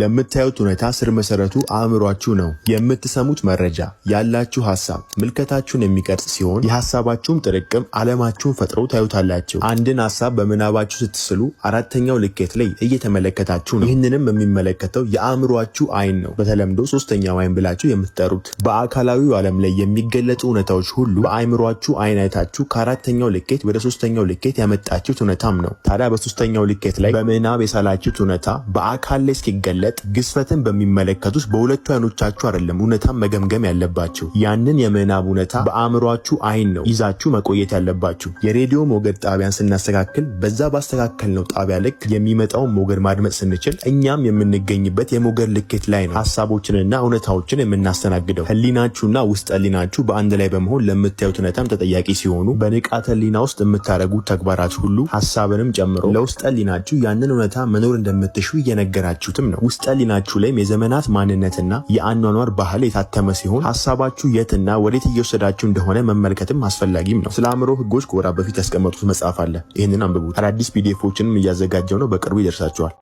ለምታዩት ሁኔታ ስር መሰረቱ አእምሯችሁ ነው። የምትሰሙት መረጃ፣ ያላችሁ ሀሳብ ምልከታችሁን የሚቀርጽ ሲሆን የሀሳባችሁም ጥርቅም ዓለማችሁን ፈጥሮ ታዩታላችሁ። አንድን ሀሳብ በምናባችሁ ስትስሉ አራተኛው ልኬት ላይ እየተመለከታችሁ ነው። ይህንንም የሚመለከተው የአእምሯችሁ አይን ነው፣ በተለምዶ ሶስተኛው አይን ብላችሁ የምትጠሩት። በአካላዊው ዓለም ላይ የሚገለጡ እውነታዎች ሁሉ በአእምሯችሁ አይን አይታችሁ ከአራተኛው ልኬት ወደ ሶስተኛው ልኬት ያመጣችሁት እውነታም ነው። ታዲያ በሶስተኛው ልኬት ላይ በምናብ የሳላችሁት እውነታ በአካል ላይ እስኪገለ በመግለጥ ግዝፈትን በሚመለከቱት በሁለቱ አይኖቻችሁ አይደለም እውነታን መገምገም ያለባችሁ። ያንን የምናብ እውነታ በአእምሯችሁ አይን ነው ይዛችሁ መቆየት ያለባችሁ። የሬዲዮ ሞገድ ጣቢያን ስናስተካክል በዛ ባስተካከል ነው ጣቢያ ልክ የሚመጣውን ሞገድ ማድመጥ ስንችል እኛም የምንገኝበት የሞገድ ልኬት ላይ ነው ሀሳቦችንና እውነታዎችን የምናስተናግደው። ህሊናችሁና ውስጥ ህሊናችሁ በአንድ ላይ በመሆን ለምታዩት እውነታም ተጠያቂ ሲሆኑ በንቃተ ህሊና ውስጥ የምታደርጉት ተግባራት ሁሉ ሀሳብንም ጨምሮ ለውስጥ ህሊናችሁ ያንን እውነታ መኖር እንደምትሹ እየነገራችሁትም ነው። ውስጠ ሊናችሁ ላይም የዘመናት ማንነትና የአኗኗር ባህል የታተመ ሲሆን ሀሳባችሁ የትና ወዴት እየወሰዳችሁ እንደሆነ መመልከትም አስፈላጊም ነው። ስለ አእምሮ ህጎች ከወራ በፊት ያስቀመጡት መጽሐፍ አለ። ይህንን አንብቡት። አዳዲስ ፒዲኤፎችንም እያዘጋጀው ነው። በቅርቡ ይደርሳችኋል።